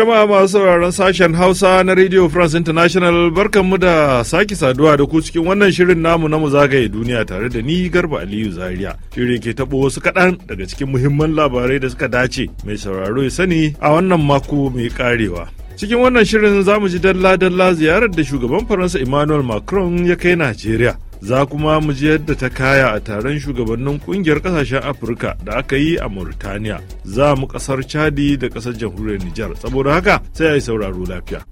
Jama'a masu sauraron sashen Hausa na Radio France International barkanmu da sake saduwa da ku cikin wannan shirin namu na mu zagaye duniya tare da ni Garba Aliyu Zaria. Shirin ke taɓo wasu kaɗan daga cikin muhimman labarai da suka dace mai sauraro ya sani a wannan mako mai karewa. Cikin wannan shirin zamu ji dalla-dalla ziyarar da shugaban Faransa Emmanuel Macron ya kai Najeriya. za kuma mu ji yadda ta kaya a taron shugabannin kungiyar kasashen afirka da aka yi a mauritaniya za mu kasar chadi da kasar jamhuriyar nijar saboda haka sai a yi sauraro lafiya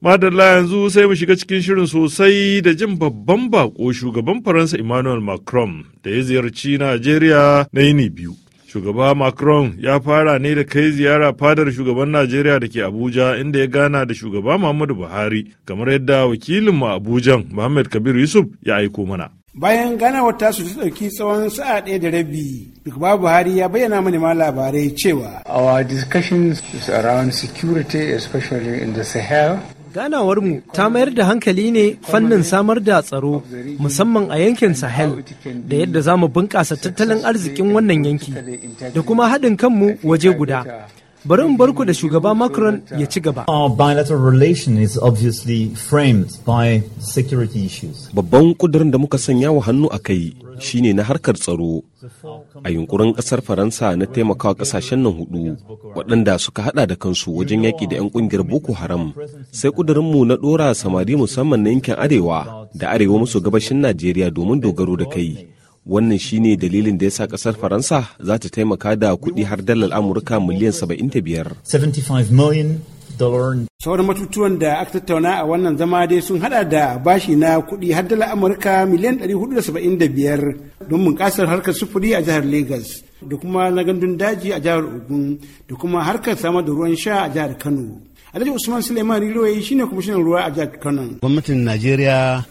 madalla yanzu sai mu shiga cikin shirin sosai da jin babban bako shugaban faransa emmanuel macron da ya ziyarci nigeria na yini biyu Shugaba Macron ya fara ne da kai ziyara fadar shugaban Najeriya da ke Abuja inda ya gana da shugaba Muhammadu Buhari kamar yadda wakilinmu Abujan Muhammad Kabir Yusuf ya aiko mana. Bayan ganawar tasu ta ɗauki tsawon sa'a ɗaya da rabi, Shugaba Buhari ya bayyana ma labarai cewa. Our discussions is around security especially in the Sahel Ganawarmu ta mayar da hankali ne fannin samar da tsaro musamman a yankin Sahel da yadda za mu bunƙasa tattalin arzikin wannan yanki da kuma haɗin kanmu waje guda. bari in barku da shugaba Macron ya ci gaba. Our bilateral relation is obviously framed by security issues. Babban kudirin da muka sanya wa hannu a kai shine na harkar tsaro a yunkurin kasar Faransa na taimakawa kasashen nan hudu waɗanda suka hada da kansu wajen yaƙi da 'yan ƙungiyar Boko Haram. Sai mu na ɗora samari musamman na yankin Arewa da Arewa maso gabashin Najeriya domin dogaro da kai. wannan shine dalilin da ya sa kasar faransa za ta taimaka da kuɗi har dalar amurka miliyan 75 sauran matutuwan da aka tattauna a wannan zama dai sun hada da bashi na kuɗi har dala amurka miliyan 475 don bunƙasar harkar sufuri a jihar Legas, da kuma na gandun daji a jihar ogun da kuma harkar samar da ruwan sha a jihar kano alhaji usman suleiman riloyi shine kwamishinan ruwa a jihar kano gwamnatin najeriya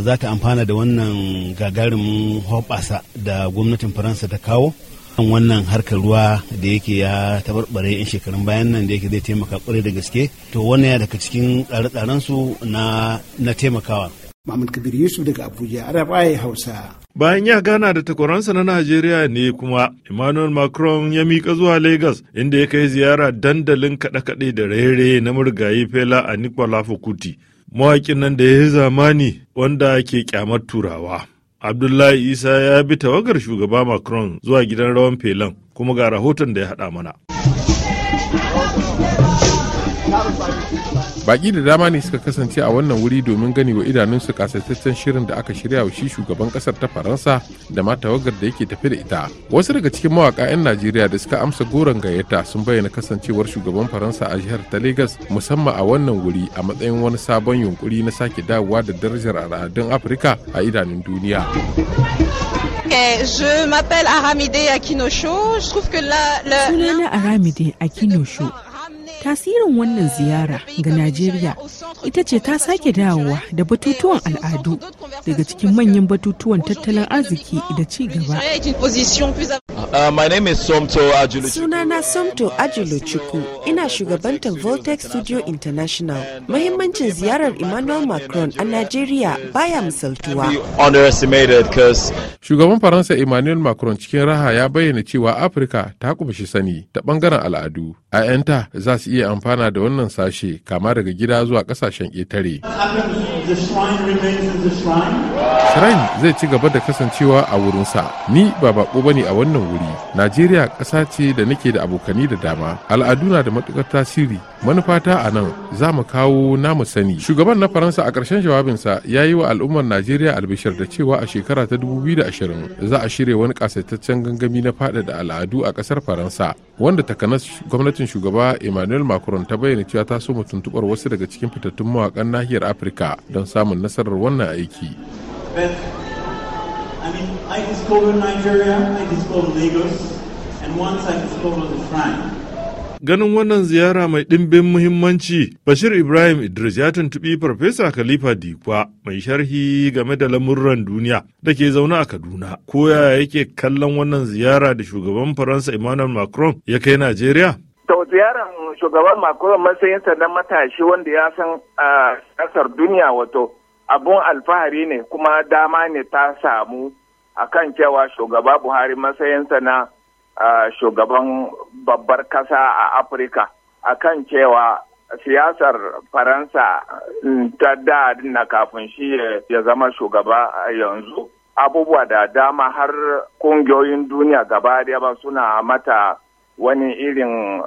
za ta amfana da wannan gagarumin hoɓasa da gwamnatin faransa ta kawo kan wannan harkar ruwa da yake ya tabarbare yan shekarun bayan nan da yake zai taimaka kwarai da gaske to wannan ya daga cikin tsare-tsaren su na na taimakawa Muhammad Kabir Yusuf daga Abuja Arabai Hausa Bayan ya gana da takwaransa na Najeriya ne kuma Emmanuel Macron ya mika zuwa Lagos inda ya kai ziyara dandalin kaɗe-kaɗe da raye na murgayi Fela a nikola Fukuti. mawaƙin nan da ya yi zamani wanda ke kyamar turawa. Abdullahi Isa ya bi tawagar shugaba Macron zuwa gidan rawan felon kuma ga rahoton da ya haɗa mana. baki da dama ne suka kasance a wannan wuri domin gani wa idanunsu kasaitaccen shirin da aka shirya wa shi shugaban kasar ta faransa da ma tawagar da yake tafi da ita wasu daga cikin mawaka 'yan najeriya da suka amsa goron gayyata sun bayyana kasancewar shugaban faransa a jihar ta lagos musamman a wannan wuri a matsayin wani sabon yunkuri na sake dawowa da darajar al'adun afirka a idanun duniya Je m'appelle Aramide Akinosho. Je trouve Tasirin wannan ziyara ga Najeriya ita ce ta sake dawowa da batutuwan al'adu daga cikin manyan batutuwan tattalin arziki da ci gaba. Uh, Sunana Somto ajilo chuku ina shugabantar Voltex Studio International. Mahimmancin ziyarar Emmanuel Macron a Najeriya baya misaltuwa. Shugaban Faransa Emmanuel Macron cikin raha ya bayyana cewa Afirka ta kumshi sani ta bangaren al'adu. 'Ya'yanta za su iya amfana da wannan sashe kama daga gida zuwa kasashen ƙetare. Shrine zai ci gaba da kasancewa a wurinsa. Ni ba bako bane a wannan wuri. Najeriya ƙasa ce da nake da abokani da dama. Al'adu na da matukar tasiri. Manufata a nan za mu kawo namu sani. Shugaban na Faransa a ƙarshen jawabinsa ya yi wa al'ummar Najeriya albishir da cewa a shekara ta 2020 za a shirya wani ƙasaitaccen gangami na faɗaɗa al'adu a ƙasar Faransa wanda takanas gwamnatin shugaba Emmanuel Macron ta bayyana cewa ta so mu tuntuɓar wasu daga cikin fitattun mawaƙan nahiyar Afirka don samun nasarar wannan aiki. But, I mean, I discovered Nigeria, I discovered Lagos, and once I discovered the shrine. ganin wannan ziyara mai ɗimbin muhimmanci bashir ibrahim idris ya tuntuɓi farfesa khalifa dikwa mai sharhi game da lamurran duniya da ke zaune a kaduna Ko koya yake kallon wannan ziyara da shugaban faransa emmanuel macron ya kai najeriya to ziyarar shugaban macron matsayinsa na matashi wanda ya san a ah, ƙasar duniya wato abun alfahari ne kuma dama ne ta samu a kan cewa shugaba buhari matsayinsa na shugaban babbar kasa a afirka a kan cewa siyasar faransa mm, ta da na kafin shi ya zama shugaba yanzu abubuwa da dama har kungiyoyin duniya gaba ba suna mata wani irin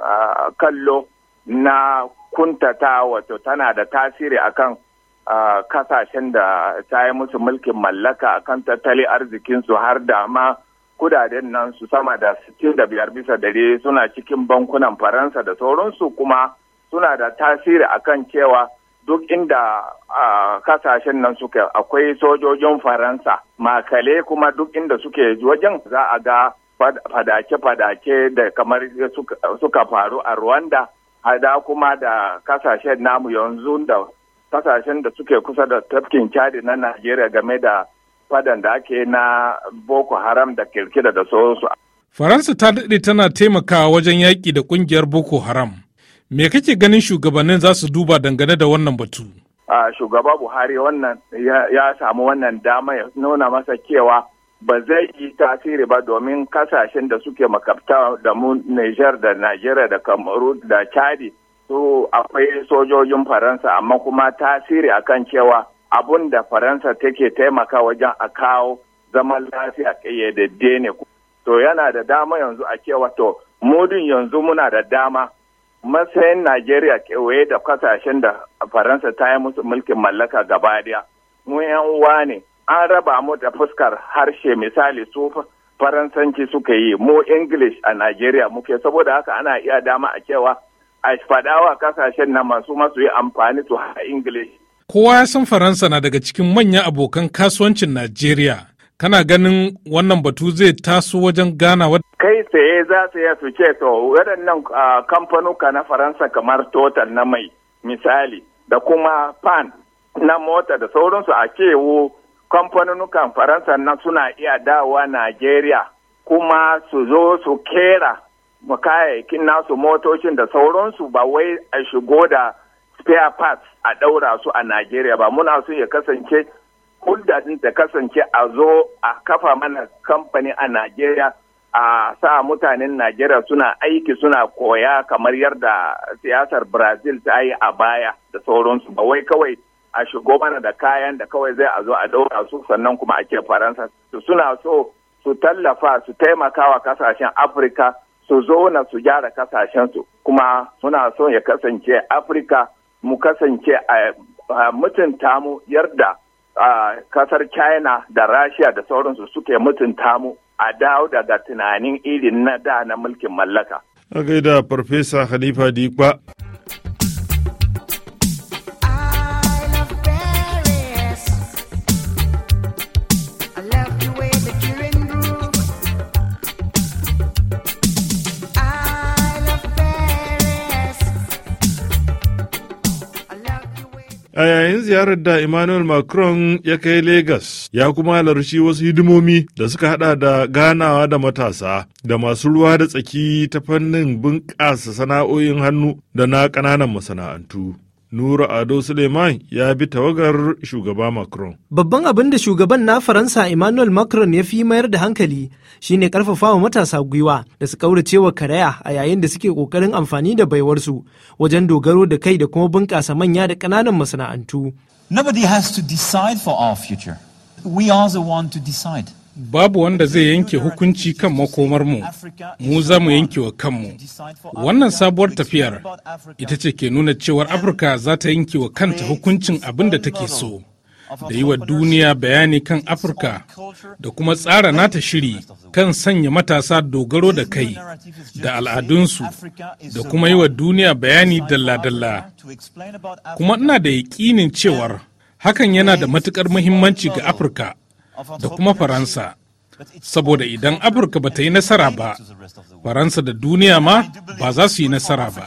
kallo na kuntata wato tana da tasiri akan kasashen da ta yi musu mulkin mallaka kan tattali arzikinsu har da ma kudaden nan su sama da 65 bisa dare suna cikin bankunan faransa da sauransu kuma suna da tasiri akan cewa duk inda kasashen nan suke akwai sojojin faransa makale kuma duk inda suke wajen za a ga fadace-fadace da kamar suka faru a rwanda hada kuma da kasashen namu yanzu da kasashen da suke kusa da tafkin cadi na Najeriya game da fadan da ake na Boko Haram da kirkira da sauransu. Faransa ta daɗe tana taimakawa wajen yaƙi da ƙungiyar Boko Haram. Me kake ganin shugabannin za su duba dangane da wannan batu? A shugaba Buhari wannan ya, samu wannan dama ya nuna masa cewa ba zai yi tasiri ba domin kasashen da suke makabta da mu Niger da Najeriya da Kamaru da Chadi su akwai sojojin faransa amma kuma tasiri akan cewa abun da faransa take taimaka wajen a kawo zaman lafiya ƙayyadadde ne to yana da dama yanzu a cewa to mudun yanzu muna da dama matsayin najeriya kewaye da kasashen da faransa ta yi musu mulkin mallaka gaba daya mu yan uwa ne an raba mu da fuskar harshe misali su faransanci suka yi mu english a najeriya muke saboda haka ana iya dama a cewa a faɗawa kasashen na masu masu yi amfani su a English. Kowa ya san Faransa na daga cikin manyan abokan kasuwancin Najeriya. Kana ganin wannan batu zai taso wajen gana wa. Kai tsaye za su ya su ce to waɗannan kamfanuka na Faransa kamar Total na mai misali da kuma Pan na mota da sauransu a kewo kamfanunukan Faransa na suna iya dawa Najeriya kuma su zo su kera kayayyakin nasu motocin da sauransu ba wai a shigo da spare parts a ɗaura su a Najeriya ba muna so ya kasance din ta kasance a zo a kafa mana kamfani a Najeriya a sa mutanen Najeriya suna aiki suna koya kamar yadda siyasar Brazil ta yi a baya da sauransu ba wai kawai a shigo mana da kayan da kawai zai a zo a ɗaura su sannan kuma ake Faransa suna so su tallafa su taimakawa kasashen Afirka su zo na su gyara kasashensu kuma suna son ya kasance afirka mu kasance a mutunta mu yarda kasar china da rasha da sauransu suke mutunta mu a dawo daga tunanin irin na da na mulkin mallaka. A gaida Farfesa Hanifa Dikwa. ziyarar da Emmanuel Macron ya kai Legas ya kuma halarci wasu hidimomi da suka hada da ganawa da matasa da masu ruwa da tsaki ta fannin bunƙasa sana'o'in hannu da na ƙananan masana'antu. Nura Ado Suleiman ya bi tawagar shugaba Macron. Babban abin da shugaban na Faransa Emmanuel Macron ya fi mayar da hankali shine wa matasa gwiwa da su wa karaya a yayin da suke kokarin amfani da baiwarsu wajen dogaro da kai da kuma bunƙasa manya da ƙananan masana'antu. Nobody has to decide for our future. We are the one to decide. babu wanda zai yanke hukunci kan makomarmu mu za mu yanke wa kanmu wannan sabuwar tafiyar ita ce ke nuna cewar afirka za ta yanke wa kanta hukuncin abin da take so da yi wa duniya bayani kan afirka da kuma tsara nata shiri kan sanya matasa dogaro da kai da al'adunsu da kuma yi wa duniya bayani dalla-dalla kuma ina da yaƙinin cewar hakan yana da matuƙar muhimmanci ga afirka da kuma Faransa. Saboda idan Afirka ba ta yi nasara ba, Faransa da duniya ma ba za su yi nasara ba.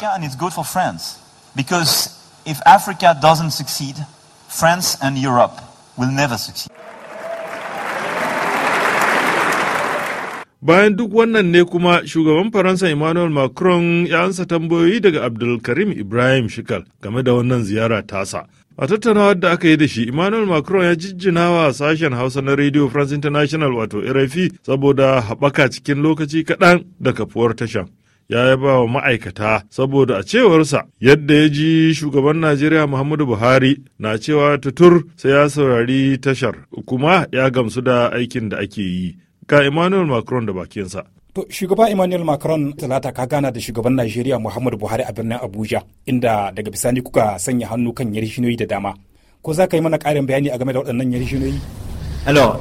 Bayan duk wannan ne kuma shugaban Faransa Emmanuel Macron ya ansa tambayoyi daga Abdulkarim Ibrahim Shikal game da wannan ziyara tasa A tattaunawar da aka yi da shi, Emmanuel Macron ya jijjina wa sashen Hausa na Radio France International wato RFI saboda haɓaka cikin lokaci kaɗan da kafuwar tashan. Ya yaba wa ma'aikata saboda a cewarsa yadda ya ji shugaban Najeriya Muhammadu Buhari na cewa tutur sai ya saurari tashar kuma ya gamsu da aikin da ake yi. Ga Emmanuel Macron da bakinsa. To shugaba Emmanuel Macron talata ka gana da shugaban Najeriya Muhammadu Buhari a birnin Abuja inda daga bisani kuka sanya hannu kan yarishinoyi da dama. Ko za ka yi mana ƙarin bayani a game da waɗannan yarishinoyi? Alors,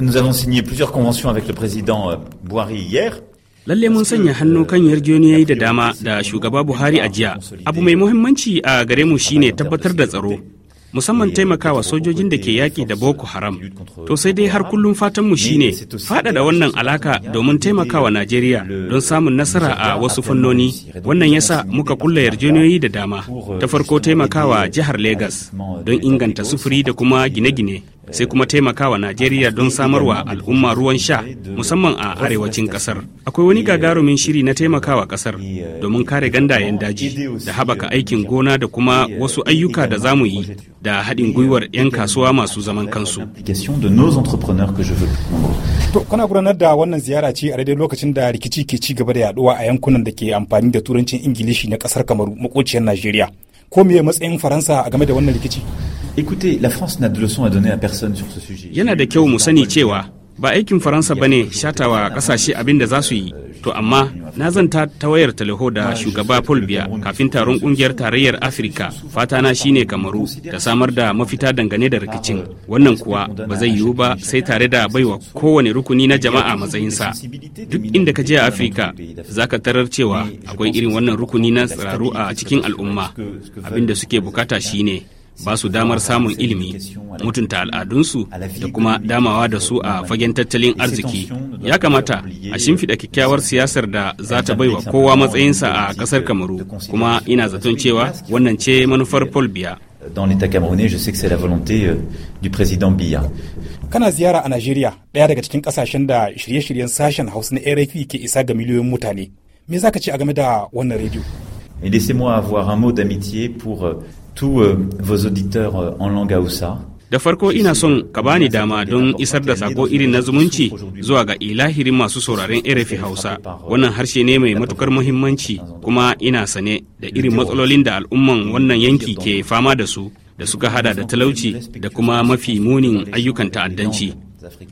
nous avons signé plusieurs conventions avec le président euh, Buhari hier. lalle mun sanya hannu kan euh, yarjejeniyoyi da dama da shugaba buhari a jiya abu mai muhimmanci a gare mu shine tabbatar da tsaro musamman euh, taimakawa sojojin da ke yaƙi da boko haram to sai dai har kullum fatanmu shine faɗaɗa wannan alaka domin taimakawa najeriya don samun nasara a wasu fannoni wannan yasa muka kulla yarjejeniyoyi da dama ta euh, farko taimakawa jihar lagos don inganta sufuri da kuma gine-gine sai kuma taimakawa najeriya don samarwa al'umma ruwan sha musamman a arewacin kasar akwai wani gagarumin shiri na taimakawa kasar domin kare gandayen daji da habaka aikin gona da kuma wasu ayyuka da zamu yi da haɗin gwiwar 'yan kasuwa masu zaman kansu kana gudanar da wannan ziyara ce a daidai lokacin da rikici ke ci gaba da yaduwa a yankunan da ke amfani da turancin ingilishi na kasar kamaru makociyar najeriya ko me matsayin faransa a game da wannan rikici Yana da kyau mu sani cewa ba aikin Faransa ba ne shatawa kasashe abin da za su yi. To amma na zanta ta wayar talaho da shugaba Paul kafin taron kungiyar tarayyar Afirka fatana shine Kamaru da samar da mafita dangane da rikicin. Wannan kuwa ba zai yiwu ba sai tare da baiwa kowane rukuni na jama'a matsayinsa. Duk inda ka je a Afirka za ka tarar cewa akwai irin wannan rukuni na tsararru a cikin al'umma. Abin da suke bukata shine ba su damar samun ilimi mutunta al'adunsu da kuma damawa da su a fagen tattalin arziki ya kamata a shimfiɗa kyakkyawar siyasar da za ta baiwa kowa matsayinsa a ƙasar kamaru kuma ina zaton cewa wannan ce manufar paul biya dans l'État camerounais. Je sais que c'est la volonté euh, du président Biya. Kana ziyara a nigeria ɗaya daga cikin ƙasashen da shirye-shiryen sashen Hausa na RFI ke isa ga miliyoyin mutane. Me zaka ce a game da wannan rediyo? Et laissez-moi avoir un mot d'amitié pour euh, tous euh, euh, Da farko ina son ka bani dama don isar da sako irin na zumunci zuwa ga ilahirin masu sauraren RFI Hausa. Wannan harshe ne mai matukar muhimmanci kuma ina sane da irin matsalolin da al'umman wannan yanki ke fama da su da suka hada da talauci da kuma mafi munin ayyukan ta'addanci.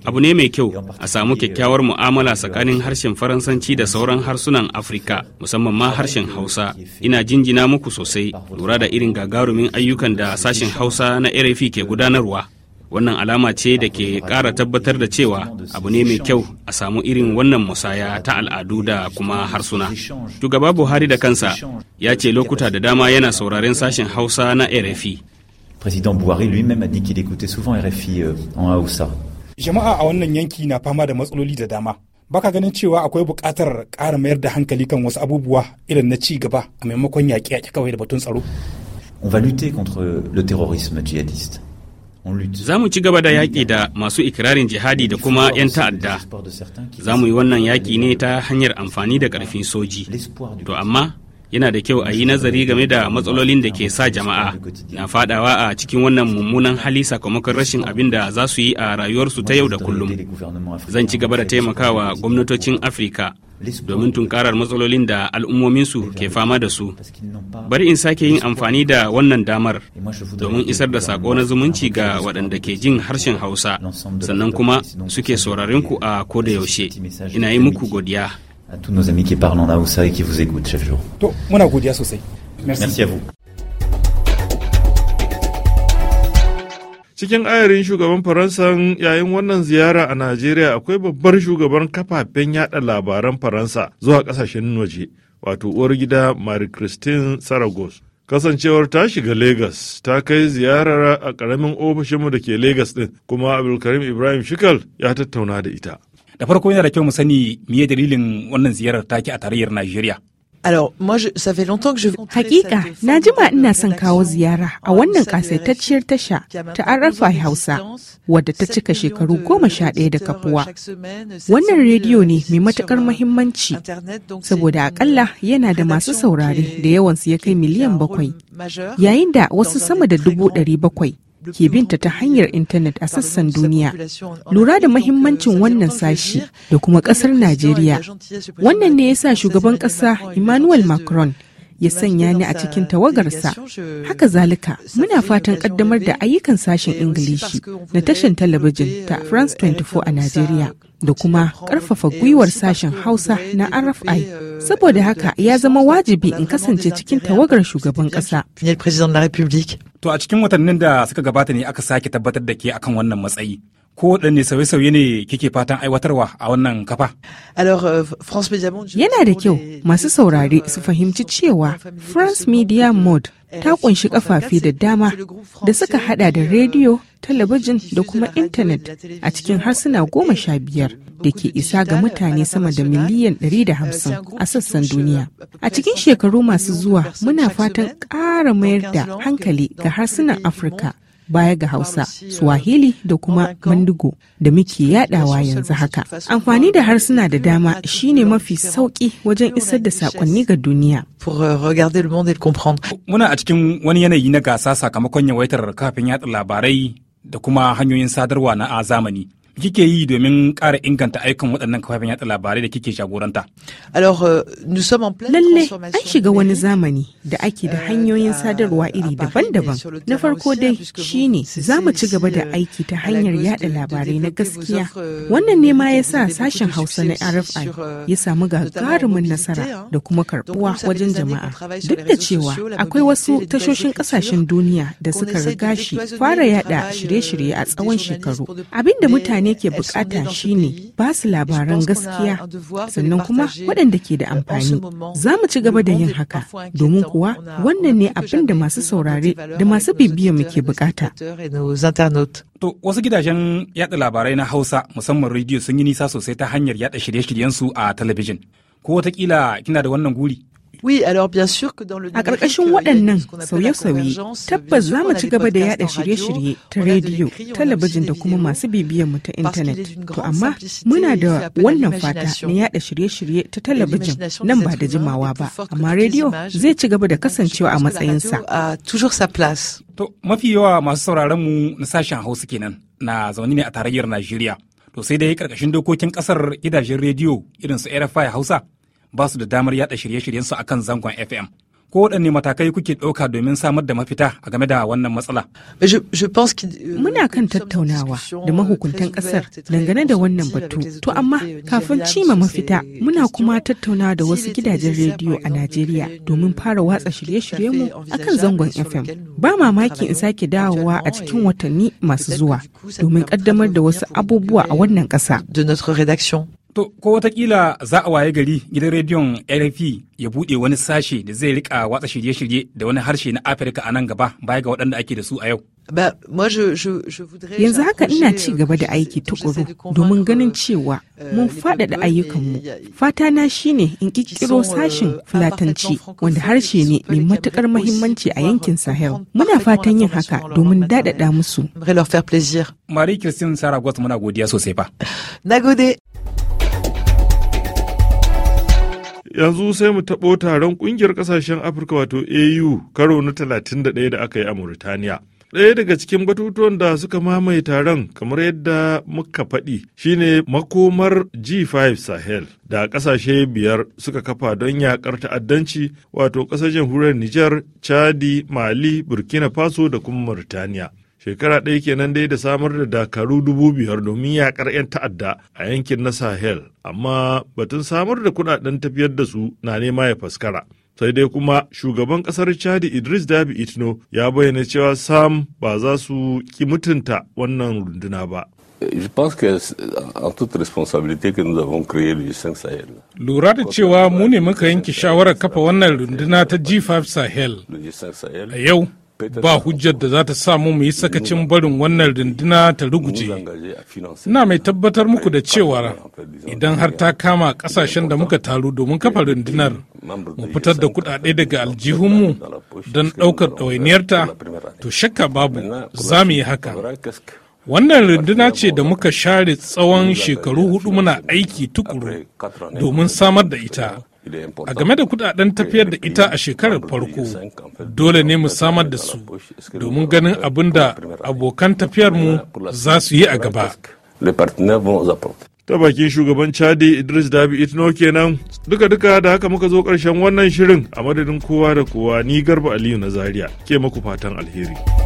abu ne mai kyau a samu kyakkyawar mu'amala tsakanin harshen faransanci da sauran harsunan afirka musamman ma harshen hausa ina jinjina muku sosai lura da irin gagarumin ayyukan da sashen hausa na rfi ke gudanarwa wannan alama ce da ke kara tabbatar da cewa abu ne mai kyau a samu irin wannan musaya ta al'adu da kuma harsuna shugaba buhari da kansa ya ce lokuta da dama yana sauraren sashen hausa na rfi président buhari lui-même a dit qu'il écoutait souvent RFI euh, en hausa. Jama'a a wannan yanki na fama da matsaloli da dama. Baka ganin cewa akwai buƙatar ƙara mayar da hankali kan wasu abubuwa irin na ci gaba a maimakon yaƙi-yaƙi kawai da batun tsaro. le terrorisme djihadiste. Za mu ci gaba da yaƙi da masu ikirarin jihadi da kuma 'yan ta'adda. Za mu yi wannan yaƙi ne ta hanyar amfani da ƙarfin soji. To amma yana da kyau a yi nazari game da matsalolin da ke sa jama'a na fadawa a cikin wannan mummunan hali sakamakon rashin abin da za su yi a rayuwarsu ta yau da kullum zan ci gaba da taimakawa gwamnatocin afirka domin tunkarar matsalolin da al'ummominsu ke fama da su bari in sake yin amfani da wannan damar domin isar da sako na zumunci ga waɗanda ke jin harshen hausa sannan kuma suke saurarinku a koda yaushe ina yi muku godiya à tous nos amis qui parlent en Aoussa et qui vous écoutent chaque jour. Merci. Merci à vous. Cikin ayarin shugaban Faransa yayin wannan ziyara a Najeriya akwai babbar shugaban kafafen yada labaran Faransa zuwa kasashen waje, wato uwar gida Marie-Christine Saragos. kasancewar ta shiga lagos ta kai ziyarar a ƙaramin ofishinmu da ke lagos ɗin kuma Abdulkarim Ibrahim Shikal ya tattauna da ita. Da farko yana da kyau mu sani meye dalilin wannan ziyarar taki a tarayyar Najeriya. Hakika, na jima ina son kawo ziyara a wannan kasaitacciyar tasha ta Arafai Hausa, wadda ta cika shekaru goma sha ɗaya da kafuwa. Wannan rediyo ne mai matuƙar mahimmanci, saboda akalla yana da masu saurari da yawansu ya kai miliyan bakwai, yayin da wasu sama da dubu ɗari bakwai ke binta ta hanyar intanet a sassan duniya lura da mahimmancin wannan sashi da kuma kasar najeriya wannan ne ya sa shugaban kasa emmanuel macron ya sanya ni a cikin tawagarsa haka zalika muna fatan kaddamar da ayyukan sashen ingilishi na tashan talabijin ta france 24 a najeriya da kuma karfafa gwiwar sashen hausa na rfi saboda haka ya zama wajibi in kasance cikin tawagar shugaban kasa To a cikin watannin da suka gabata ne aka sake tabbatar da ke akan wannan matsayi. ko waɗanne sauye-sauye ne kike fatan aiwatarwa a wannan kafa? Euh, Yana da kyau masu saurare euh, su fahimci cewa France Media Mode Eh, ta kunshi kafafi da dama da suka hada da rediyo talabijin da kuma intanet a cikin harsuna goma sha biyar da ke isa ga mutane sama da miliyan 150 euh, a sassan euh, duniya a cikin shekaru masu zuwa muna fatan ƙara mayar da hankali ga harsunan afirka baya ga Hausa, Swahili da kuma Mandigo da muke yadawa yanzu haka. Amfani da harsuna da dama shine mafi sauki wajen isar da sakonni ga duniya. Euh, Muna a cikin wani yanayi na gasa sakamakon yawaitar kafin yatsa labarai da kuma hanyoyin sadarwa na a zamani. kike yi domin ƙara inganta aikin waɗannan kafafen yatsa labarai da kike jagoranta? Euh, Lalle an shiga wani zamani da ake da euh, hanyoyin sadarwa iri daban-daban. Na farko dai shi ne za mu ci gaba da euh, aiki ta hanyar yada labarai na gaskiya. Wannan ne ma ya sa sashen Hausa na RFI ya samu gagarumin nasara da kuma karbuwa wajen jama'a. Duk da cewa akwai wasu tashoshin ƙasashen duniya da suka riga shi fara yada shirye-shirye a tsawon shekaru. Abinda mutane mutane ke bukata shine ba su labaran gaskiya sannan kuma waɗanda ke da amfani. Za mu ci gaba da yin haka domin kuwa wannan ne abin da masu saurare da masu bibiya ke bukata. To wasu gidajen yada labarai na Hausa musamman rediyo sun yi nisa sosai ta hanyar yada shirye-shiryensu a talabijin. Ko watakila kina da wannan guri? A ƙarƙashin euh, waɗannan sauye-sauye euh, tabbas za mu ci gaba da yaɗa shirye-shirye ta rediyo, talabijin da kuma masu bibiyan mu ta intanet. To amma muna da wannan fata na yada shirye-shirye ta talabijin nan ba da jimawa ba, amma rediyo zai ci gaba da kasancewa a matsayinsa. To mafi yawa masu sauraron mu na sashen Hausa kenan na zaune ne a tarayyar Najeriya. To sai dai ƙarƙashin dokokin ƙasar gidajen rediyo irin su RFI Hausa ba su da damar yada shirye-shiryensu a kan zangon FM. Ko waɗanne matakai kuke ɗauka domin samar da mafita a game da wannan matsala? Euh, muna kan tattaunawa da mahukuntan ƙasar dangane da wannan batu. To amma kafin cima mafita muna kuma tattaunawa da wasu gidajen rediyo a Najeriya domin fara watsa shirye-shiryenmu a kan zangon FM. Ba mamaki in sake dawowa a cikin watanni masu zuwa domin ƙaddamar da wasu abubuwa a wannan ƙasa. To, ko watakila za a waye gari gidan rediyon RFI ya buɗe wani sashe da zai rika watsa shirye-shirye da wani harshe na Afirka a nan gaba baya ga waɗanda ake da su a yau. Yanzu haka ina ci gaba da euh, aiki tukuru domin ganin cewa euh, mun faɗaɗa ayyukanmu. Fata na shine in ƙirƙiro sashin euh, Fulatanci wanda harshe ne mai matuƙar mahimmanci a yankin Sahel. Muna fatan yin haka domin daɗaɗa musu. Marie Christine Saragos muna godiya sosai fa. Na yanzu sai mu taɓo taron ƙungiyar ƙasashen afirka wato au karo na 31 da aka yi a mauritaniya ɗaya daga cikin batutuwan da suka mamaye taron kamar yadda muka faɗi shine makomar g5 sahel da ƙasashe biyar suka kafa don yaƙar ta'addanci wato ƙasashen jamhuriyar nijar chadi mali burkina faso da kuma mauritaniya shekara ɗaya kenan dai da samar da dakaru dubu biyar domin yakar 'yan ta'adda a yankin na sahel amma batun samar da kuɗaɗen tafiyar da su na nema ya faskara sai dai kuma shugaban ƙasar chadi idris dabi itno ya bayyana cewa sam ba za su ki mutunta wannan runduna ba Lura da cewa mu ne muka yanke shawarar kafa wannan runduna ta G5 Sahel. A yau, ba hujjar da za ta sa mu yi sakacin barin wannan rinduna ta ruguje na mai tabbatar muku da cewa idan har ta kama kasashen da muka taru domin kafa rundunar mu fitar da kudade daga aljihunmu don daukar ɗawainiyarta to shakka babu za mu yi haka wannan rinduna ce da muka share tsawon shekaru hudu muna aiki tukuru domin samar da ita A game da kudaden tafiyar da ita a shekarar farko, dole ne mu samar da su domin ganin abin da abokan tafiyarmu za su yi a gaba. Ta bakin shugaban Chadi Idris Dabi Itno kenan duka-duka da haka muka zo karshen wannan shirin a madadin kowa da kowa ni Garba Aliyu na Zaria ke maku fatan alheri.